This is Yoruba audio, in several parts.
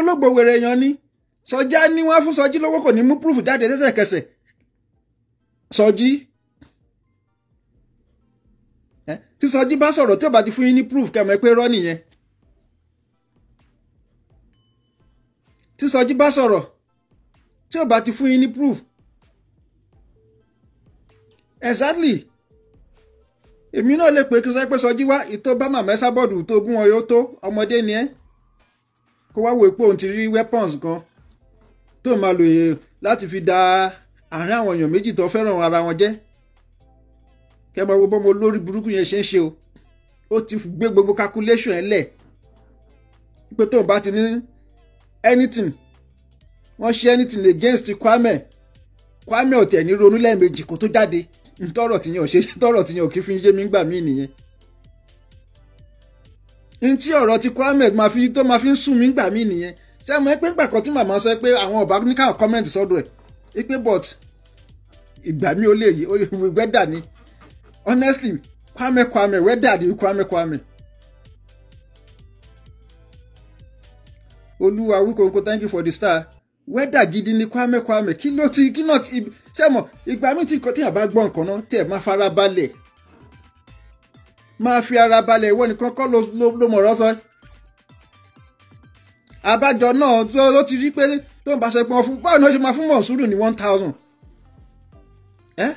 olóògbé wèrè èèyàn ni sọjá ni wọ́n fún sọjí lọ́wọ́ kò ní mú púrúfù jáde lẹ́sẹ̀kẹsẹ̀ sọjí tí sọjí bá sọrọ tí ò bá ti fún yín ní púrúfù kẹmọ pé rọ́ nìyẹn tí sọjí bá sọrọ tí ò bá ti fún yín ní púrúfù exactly èmi náà lè pè kí sọ pé sọjí wá ìtò bá màmá ẹ sábọ̀dù tó gún ọ tó ọmọdé ni ẹ́. Eh? kó wá wo pé òun ti rí weapons kan tó máa lò yẹ láti fi da àárín àwọn èèyàn méjì tó fẹ́ràn ara wọn jẹ́ kẹ́ máa wo bọ́mọ olórí burúkú yẹn ṣe ń ṣe o ó ti gbé gbogbo calculation ẹ̀ lẹ̀ pé tóun bá ti ní anything wọ́n ṣe anything against Kwame Kwame ọ̀tẹ̀ ní ronú lẹ́ẹ̀mejì kó tó jáde ntọ́rọ̀ tìyàn ò ṣe tọ́rọ̀ tìyàn ò kí fi ń yé mi gbà mí nìyẹn n tí ọ̀rọ̀ ti Ahmed máa fi tó máa fi ń sùn mí gbà mí nìyẹn ṣé mo pé gbà kan tí màmá sọ pé àwọn ọba ní káwọn kọ́mẹ́ǹtì sọ́dọ̀ ẹ̀ pé but ìgbà mi ò lè yí wẹ́dà ni honestly Kwame Kwame wẹ́dà ni Kwame Kwame. olúwa wíkóńkó thank you for the star wẹ́dà gidi ni Kwame Kwame kí ló ti kí náà ti ṣé mo ìgbà mi ti kọ́ tí àbá gbọ́ nǹkan náà tẹ̀ máa fara balẹ̀ máa fi ara balẹ̀ ìwọ nìkan kọ́ ló mọ̀rọ̀ sọ. àbájọ náà ló ti rí pé tó ń bá ṣe pọn fún báwo ni wọ́n ṣe máa fún mọ̀súrù ní one thousand. ẹ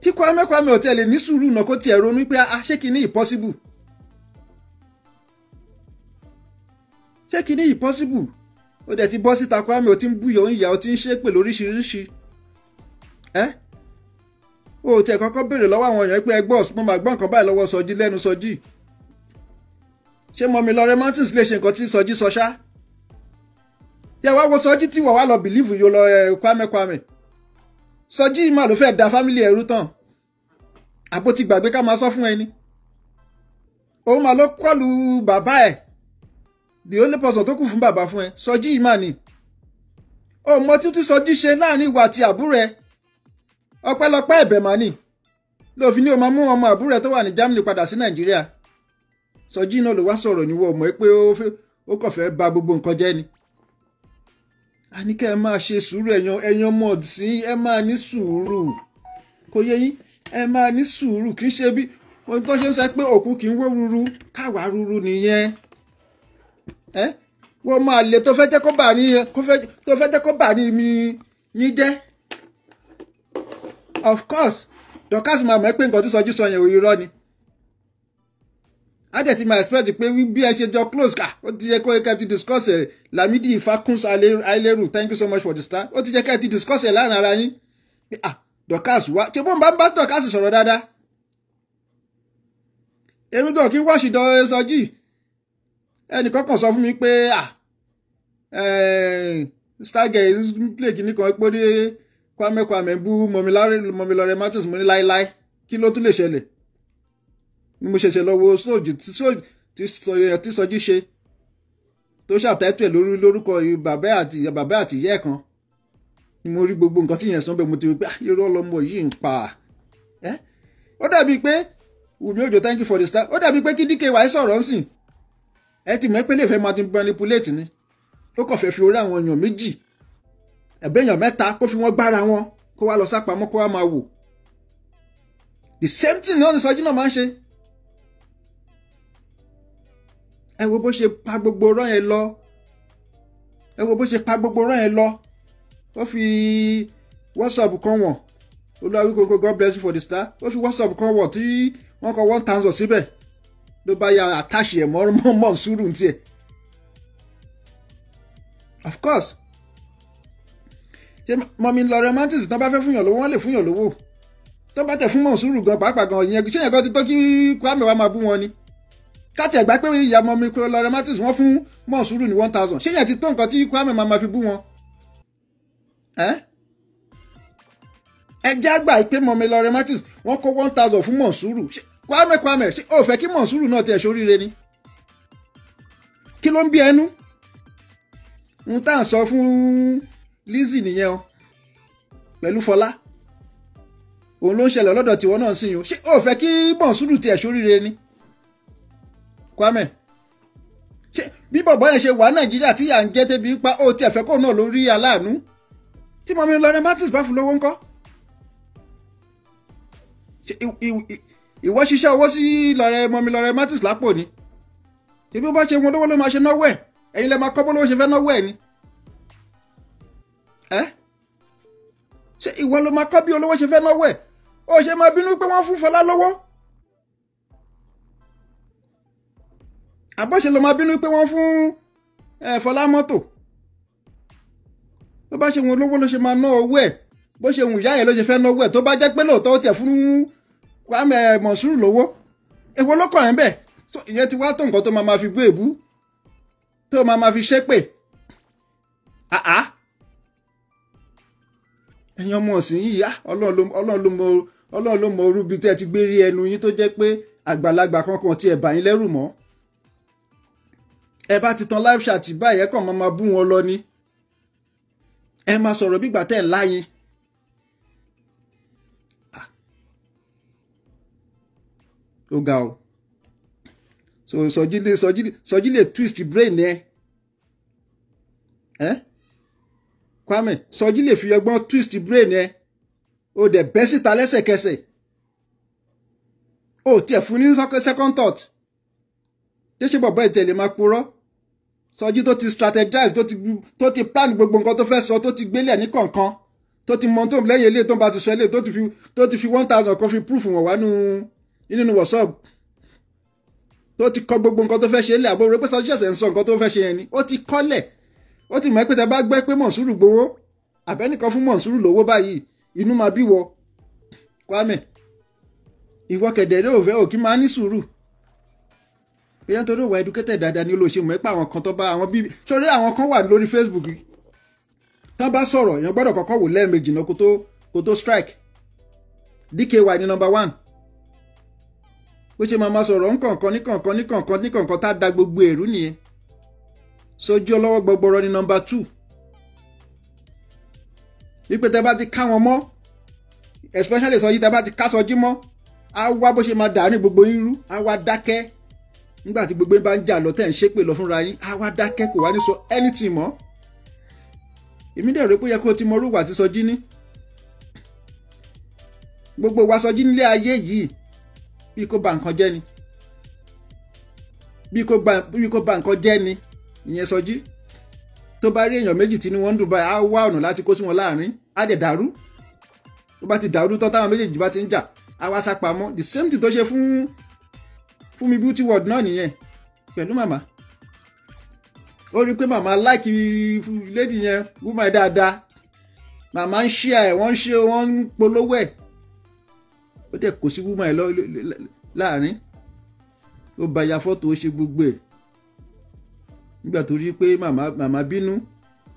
tí Kwame Kwame ò tẹ̀lé ní sùúrù náà kó tiẹ̀ ronú pé a ah, ṣé kí ni impossible. ṣé kí ni impossible ó dẹ̀ ti bọ́ síta Kwame ó ti ń búyọ̀ ń yà ó ti ń ṣépè lóríṣiríṣi. ẹ́ eh? o ò tiẹ̀ kọ́kọ́ béèrè lọ́wọ́ àwọn èèyàn pé ẹ gbọ́ mo máa gbọ́ nǹkan báyìí lọ́wọ́ sọjí lẹ́nu sọjí ṣé mọ̀mí lọ rẹ mountains lè ṣe nǹkan tí sọjí sọ ṣá yẹ wá wo sọjí tí wọ́n wá lọ bìlíìfù yóò lọ ẹ Kwame Kwame sọjí mà ló fẹ́ da fámìlì ẹ̀rú tán àbó ti gbàgbé ká máa sọ fún ẹni òun mà ló kọlù bàbá ẹ̀ the only person tó kù fún bàbá fún ẹ sọjí mà ni ọmọ títí sọjí ṣe láàrin ìwà àti àbúrò ẹ̀ ọpẹlọpẹ ẹ̀bẹ̀ mani ló fi o máa mú ọmọ àbúrò ẹ̀ tó wà ní Germany padà sí Nàìjíríà Sọjí náà ló wá sọ̀rọ̀ níwọ̀ mọ́ pé ó kàn fẹ́ ba gbogbo nǹkan jẹ́ ni. a ní kẹ́ ẹ máa ṣe sùúrù ẹ̀yàn ẹ̀yàn mọ̀ sí ẹ máa ní sùúrù kò yẹ yín ẹ máa ní sùúrù kì í ṣe bí ohun tó ṣe ń sọ pé òkú kì í wó ruru káwa ruru nìyẹn ẹ wọ́n máa lè tó fẹ́ jẹ́ kó bà ní mi yín jẹ́ of course Dorcas máa mọ̀ pé nǹkan tó sọjú sọ yẹn ò irọ́ ni adẹ̀ ti máa expect pé bí ẹ ṣe jọ close ká ó ti yẹ kó ẹ ká ti discuss ẹ Lamidi Fakuns aileru thank you so much for the star ó ti yẹ ká ti discuss ẹ láàrin ara yín ah Dorcas wá tí bóun bá ń bá Dorcas sọ̀rọ̀ dáadáa èmi gan kí wọ́ọ̀ṣì dán sọjí ẹnìkan kan sọ fún mi pé ah stargate play kìíní kan pé Kwame Kwame bú Mọ̀mílọ́rẹ Matthews mo ní láíláí kí ló tún lè ṣẹlẹ̀ ni mo ṣẹ̀ṣẹ̀ lọ wo sóòjì tí sọjí ṣe tó ṣàtẹ́tù ẹ̀ lórí lórúkọ bàbá àti bàbá àti ìyá ẹ̀ kan ni mo rí gbogbo nǹkan tí yẹn sọ bẹ́ẹ̀ mo ti rí pé ah, irú ọlọmọ yìí ń pa ẹ́ ó dàbí pé Wùmí Òjó thank you for the star ó dàbí pé kí DKY sọ̀rọ̀ ń sìn ẹ ti mọ̀ pé lè fẹ́ máa ti manipulate ni ó kàn fẹ́ fi orí àwọn èèyàn méjì ẹ̀bẹ̀yàn mẹ́ta kó fi wọ́n gbára wọn kó wá lọ sápamọ́ kó wá máa wò the same thing náà ni Sọjí náà máa ń ṣe ẹ wo bó ṣe pa gbogbo rán yẹn lọ ẹ wo bó ṣe pa gbogbo rán yẹn lọ ó fi whatsapp kan wọ̀n olùwàwí koko god bless you for the star ó fi whatsapp kan wọ̀n tí wọ́n kọ one thousand síbẹ̀ ló bá ya àtàṣe ẹ̀ mọ́ mọ́ mọ́ sùúrù ní tiẹ̀ of course ṣé mọ̀mí lọ́rẹ́ mantis tán bá fẹ́ fúnyàn lówó wọ́n lè fúnyàn lówó tó bá tẹ̀ fún mọ̀nsúrù gan pàápàá gan ìyẹn ṣé yẹn kan ti tó kí kwame wa máa bú wọn ni káàtì ẹ̀gbá pé ìyá mọ̀mí lọ́rẹ́ mantis wọ́n fún mọ̀nsúrù ní one thousand ṣé yẹn ti tó nǹkan tí kwame máa ma fi bú wọn. ẹ jẹ́ àgbà pé mọ̀mí lọ́rẹ́ mantis wọ́n kó one thousand fún mọ̀nsúrù kwame kwame ṣé o fẹ́ kí mọ̀nsúrù náà tiẹ̀ ṣoríire ni kí ló ń bí ẹnu ń tà ń sọ fún Lizzy nìyẹn o pẹ̀lú Fọlá òun ló ń ṣẹlẹ̀ ọlọ́dọ̀ tiwọn náà sì yín o ṣé o fẹ́ kí Mọ̀nsúrù tiẹ̀ ṣoríire ni Kwame ṣé bí bọ̀bọ̀ yẹn ṣe wà Nàìjíríà tí yà ń jẹ́ tẹ́bi ń pa ó tiẹ̀ fẹ́ kóun náà ló rí aláàánú tí mọ̀mí lọ́rẹ́ Martins bá fún lówó ńkọ́ ìwọ ṣiṣẹ́ owó sí lọ́rẹ́ mọ̀mí lọ́rẹ́ Martins lápò ni ṣé bí wọ́n bá ṣe wọn lówó ló máa ṣe náwó ẹ̀ ẹ̀yin lẹ́ máa kọ́ bó lówó ṣe fẹ́ náwó ẹ̀ ni ẹ ṣé ìwọ ló máa kọ́ bí olówó ṣe fẹ́ náwó ẹ̀ ó ṣe máa bínú pé wọ́n fún Fọlá lọ́wọ́ àbọ̀ṣe ló máa bínú pé wọ́n fún Fọlá mọ́tò tó bá ṣe wọn olówó ló ṣe máa ná owó ẹ̀ bó ṣe wùn ìyá ẹ̀ ló ṣe fẹ́ náwó ẹ̀ tó bá jẹ́ pé lóòótọ́ ó tiẹ̀ fún Kwame Mọ̀súrù lówó èwo ló kàn ẹ́ bẹ́ẹ̀ ìyẹn ti wá tó nǹkan tó máa ma fi bú èbú tó máa ma fi ṣépè àá. Ah -ah ẹ̀yin ọmọ ọ̀sìn yìí á ah, ọlọ́run ló mọ orúbi tẹ́ ẹ ti gbé rí ẹnu yín tó jẹ́ pé àgbàlagbà kankan tí ẹ bà yín lẹ́rù mọ́ ẹ bá ti tan live chat báyìí ẹ kàn máa máa bú wọn lọ ni ẹ máa sọ̀rọ̀ bí ìgbà tẹ́ ẹ̀ láyìn. Ah. ó ga o so sọjílẹ̀ twist brain ẹ. Eh? Kwame Sọjí lè fi ọgbọ́n twist brain ẹ o dẹ̀ bẹ́ síta lẹ́sẹ̀kẹsẹ̀ o tiẹ̀ fún ní second thought tẹ́sẹ̀ bọ̀bọ̀ ẹ̀ tẹ̀lé máa purọ́ Sọjí tó ti strategize tó ti plan gbogbo nǹkan tó fẹ́ sọ tó ti gbélẹ̀ ní kọ̀ọ̀kan tó ti mọ tó lẹ́yìn eléyìí tó ń bá ti sọ eléyìí tó ti fi one thousand kan fi proof wọn wá nínú WhatsApp tó ti kọ gbogbo nǹkan tó fẹ́ ṣe lẹ́ àbúrò pé Sọjí ṣẹ̀ṣẹ̀ ń sọ nǹkan tó fẹ́ ṣe yẹn ni ó ti kọ́lẹ̀ wọ́n ti mọ̀ pé tẹ bá gbẹ́ pé mọ̀nsúrù gbowó àbẹ́nìkan fún mọ̀nsúrù lówó báyìí inú máa bí wọ Kwame ìwọ kẹ̀dẹ̀rẹ́ òfẹ́ òkí máa ní sùúrù bóyá nítorí òwà educated dáadáa ni olóòṣè mọ̀ pé àwọn kan tó bá àwọn bíbí sórí àwọn kan wà lórí Facebook tán bá sọ̀rọ̀ èèyàn gbọ́dọ̀ kọ́kọ́ wò lẹ́ẹ̀mejì náà kó tó strike DKY ni number one bó ṣe máa ma sọ̀rọ̀ ńkọ̀ọ̀kan níkọ̀ọ̀kan níkọ̀ọ̀kan níkọ̀ọ̀kan tá a da gbogbo ẹ̀rú nìyẹn sójú ọlọ́wọ́ gbọgbọrọ ní nọmba two wípé tẹ bá ti ká wọn mọ́ especially sọjí tẹ bá ti ká sọjí mọ́ á wá bó ṣe máa dà ní gbogbo irú á wá dákẹ́ nígbà tí gbogbo bá ń jà lọ tẹ̀ ń ṣépè lọ fúnra yín á wá dákẹ́ kò wá ní sọ anything mọ́ èmi dẹ̀ rò pé yẹ kó o ti mọ orúkọ àti sọjí ní gbogbo wa sọjí nílé ayé yìí bí kò bà nǹkan jẹ́ ni bí kò bà nǹkan jẹ́ ni ìyẹn sọjí tó bá rí èèyàn méjì tí ni wọ́n ń dùn báyìí á wá ọ̀nà láti kó sí wọn láàrin á dẹ̀ dàrú tó bá ti dàrú tán táwọn méjèèjì bá ti ń jà á wá sápamọ́ the same thing tó ṣe fún fún mi beauty world náà nìyẹn pẹ̀lú màmá ó rí i pé màmá láìkí lady yẹn wúmọ̀ ẹ̀ dáadáa màmá ń ṣí ẹ̀ wọ́n ń ṣe wọ́n ń polówó ẹ̀ ó dẹ̀ kò sí wúmọ̀ ẹ̀ láàrin ó bá ya fọ́tò ó ṣe gbogbo ẹ̀ nígbà tó rí pé màmá bínú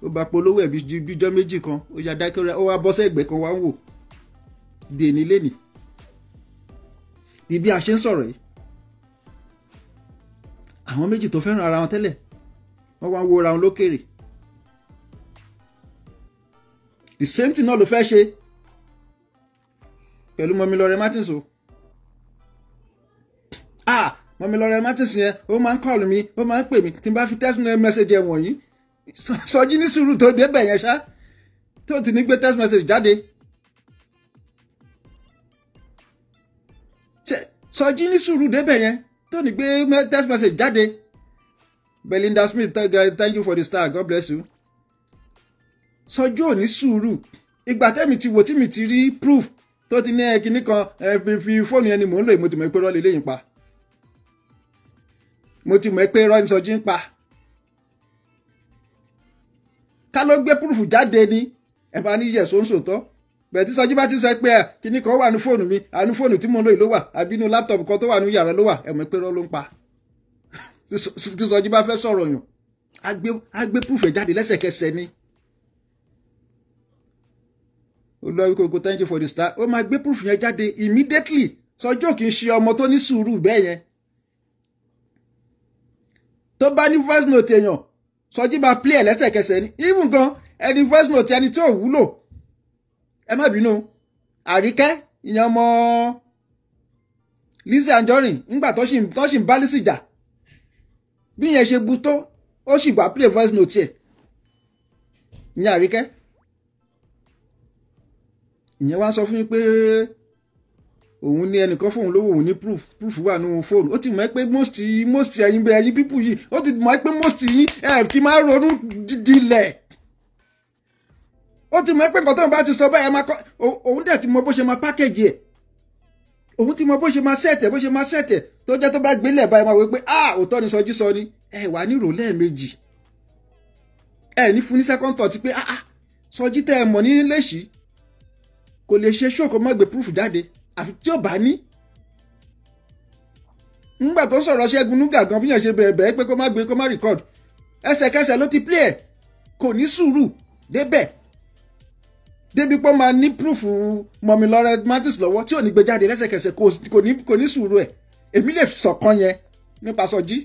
ó bá polówó ẹ̀ bíjọ́ méjì kan ó yá dákẹ́ ó wá bọ́ sẹ́gbẹ́ kan wá ń wò dè lẹ́nì ibi àṣẹ ń sọ̀rọ̀ yìí àwọn méjì tó fẹ́ràn ara wọn tẹ́lẹ̀ wọ́n wá ń wo ara wọn lókèrè the same thing náà ló fẹ́ ṣe pẹ̀lú mọ́mí lọ́rẹ́ Martins mọ̀mí lọ́rẹ́ mátìsì yẹn ó máa ń kọ́ọ̀lù mi ó máa ń pè mí tí n bá fi text message yẹn wọ̀nyí sọjí ní sùúrù tó débẹ̀ yẹn ṣá tó ti ní gbé text message jáde. sọjí ní sùúrù débẹ̀ yẹn tó ní gbé text message jáde. Belinda Smith thank you for the star God bless you. sọjú ò ní sùúrù ìgbà tẹ́mi ti wò tí mi ti rí proof tó ti ní ẹ kinní kan ẹ fi fóònù yẹn ni mò ń lò ìmọ̀tìmọ̀ ìpẹ́rọ́ lè léyìn pa mo ti mọ̀ pé irọ́ Ìsọjí ń pa ká ló gbé púrúfù jáde ni ẹ bá ní yẹ sóńsòtọ́ bẹ̀rẹ̀ tí Sọjí bá ti sọ pé kíní kan wà ní fóònù mi àní fóònù tí mo ń lò yìí ló wà àbí inú láptọ̀pù kan tó wà ní yàrá ló wà ẹ mọ̀ pé irọ́ ló ń pa tí Sọjí bá fẹ́ sọ̀rọ̀ yàn á gbé púrúfù ẹ̀ jáde lẹ́sẹ̀kẹsẹ̀ ni olùwàwí kòkó thank you for the star ó máa gbé proof yẹn jáde immediately sọjọ́ kì í ṣe ọmọ tó ní sùúrù bẹ́ẹ̀ yẹn tó bá ní voice note èèyàn Sọjí máa play ẹ̀ lẹ́sẹ̀kẹsẹ̀ ni even gan ẹni voice note ẹni tí ò wúlò ẹ má bínú àríkẹ́ ìyẹn ọmọ Lizzy Anjorin nígbà tó sì ń bá Lizzy jà bí yẹn ṣe bu tó ó sì gbà play voice note ẹ̀ ìyẹn àríkẹ́ ìyẹn wá sọ fún mi pé. Pe òun ní ẹnìkan fóun lówó òun ní proof proof wà nínú fóònù ó ti mọ̀ pé most yìí most ẹ̀yin bẹ ẹ̀yin pípù yìí ó ti mọ̀ pé most yìí ẹ̀ kì í máa ronú dilẹ̀ ó ti mọ̀ pé nǹkan tóun bá ti sọ báyìí máa kọ́ òun dẹ̀ ti mọ̀ bó ṣe máa pákéjì ẹ̀ òun ti mọ̀ bó ṣe máa sẹ̀tẹ̀ bó ṣe máa sẹ̀tẹ̀ tó jẹ́ tó bá gbélé ẹ̀ báyìí máa wí pé ah òótọ́ ni sọjí sọ ni ẹ wà ní ìrò lẹ́ẹ̀mejì ẹ ní fún ní second thought ah, ah sọjí tẹ́ ẹ mọ̀ ní lẹ́sì kò lè proof jáde àfi tí ò bá ní. nígbà tó ń sọ̀rọ̀ Ṣẹ́gun Núgà gan bíyàn ṣe bẹ̀rẹ̀ bẹ́ẹ̀ pé kó má gbé kó má rìkọ́d ẹsẹ̀kẹsẹ̀ ló ti play ẹ̀ kò ní sùúrù débẹ̀ débi pé ó máa ní proof mọ̀mí lọ́rẹ́ Matthews lọ́wọ́ tí ò ní gbé jáde lẹ́sẹ̀kẹsẹ̀ kò ní sùúrù ẹ̀ èmi lè sọ̀kan yẹn nípa Sọjí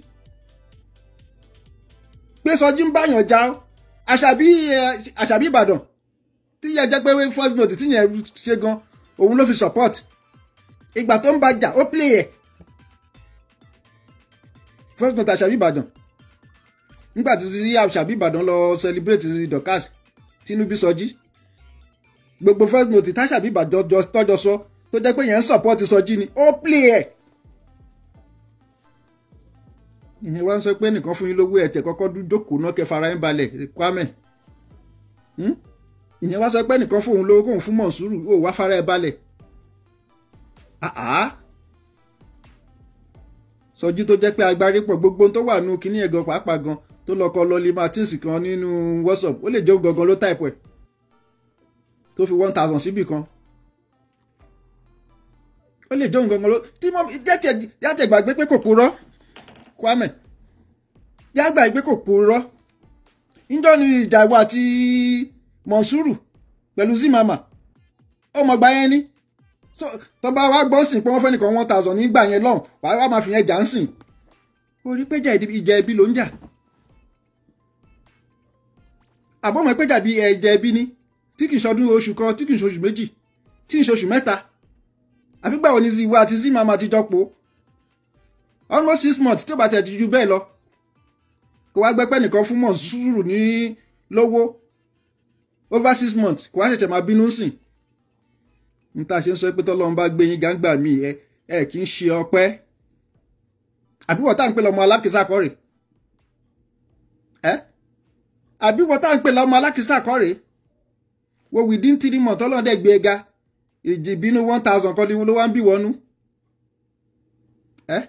pé Sọjí ń báyàn já àṣàbí àṣàbí Ìbàdàn tí yẹn jẹ́ pé first note tí yẹn ṣe gan òun ló fi support ìgbà tó ń ba jà ó play ẹ̀ first note àṣàbí ìbàdàn nígbà tí àṣàbí ìbàdàn lọ celebrate dorcas tinubu sọjí gbogbo first note táṣàbí ìbàdàn tọ́jọ sọ tó jẹ́ pé yẹn ń support sọjí ni ó play ẹ̀ ìyẹn wá ń sọ pé nìkan fún yín lówó ẹ̀tẹ̀ kọ́kọ́ dúdókòó náà kẹfà fara yín balẹ̀ kwame hmm? ìyẹn wá sọ pé nìkan fún òun lówó kóun fún mọ̀nsúrù ó wá fara ẹ̀ balẹ̀ Ah, ah. sọjí tó jẹ́ pé agbárí pọ̀ gbogbo tó wà nù kíní ẹ̀gàn pàápàá gan tó lọ́kọ lọ́ọ́lì martins kan nínú whatsapp ó lè jẹ́ gangan ló táìpù ẹ̀ tó fi one thousand síbì kan ó lè jẹ́ gangan ló tí mo yàtẹ̀ gbàgbé pé kò purọ́ kwame yàgbà gbé kò purọ́ níjọ́ ni ìjà wa àti mọ̀nsúrù pẹ̀lú zimama ọmọ gbà yẹn ni so tó bá wá gbọ́ sìn pé wọ́n fẹ́ nìkan one thousand nígbà yẹn lọ́hùn wàá wá máa fi yẹn jà ń sìn orí péjà ìjà ẹbí ló ń jà àbọ̀mọ̀ péjà bí ẹ̀jẹ̀ ẹbí ni tí kì í ṣọdún oṣù kan tí kì í ṣoṣù méjì tí kì í ṣoṣù mẹ́ta àbí gbàwo ni ziwa àti zima máa ti jọpọ̀ almost six months tí ó bá tẹ̀ ju bẹ́ẹ̀ lọ kò wá gbẹ́pẹ́ nìkan fún mọ̀ sùúrù ní lówó over six months kò wá ṣẹ̀ṣẹ̀ máa bínú sìn ní tá a ṣe ń sọ pé tọ́lọ́run bá gbé yín gángbà mí ẹ ẹ kì í ṣe ọpẹ́ àbí wọ́n tá à ń pè lọ́mọ alákìsà kọ́rè ẹ àbí tá à ń pè lọ́mọ alákìsà kọ́rè wo within three months tọ́lọ́run dẹ̀ gbé e ga ìjìbínú one thousand kan ni wọ́n ló wá ń bí wọnú ẹ. Eh?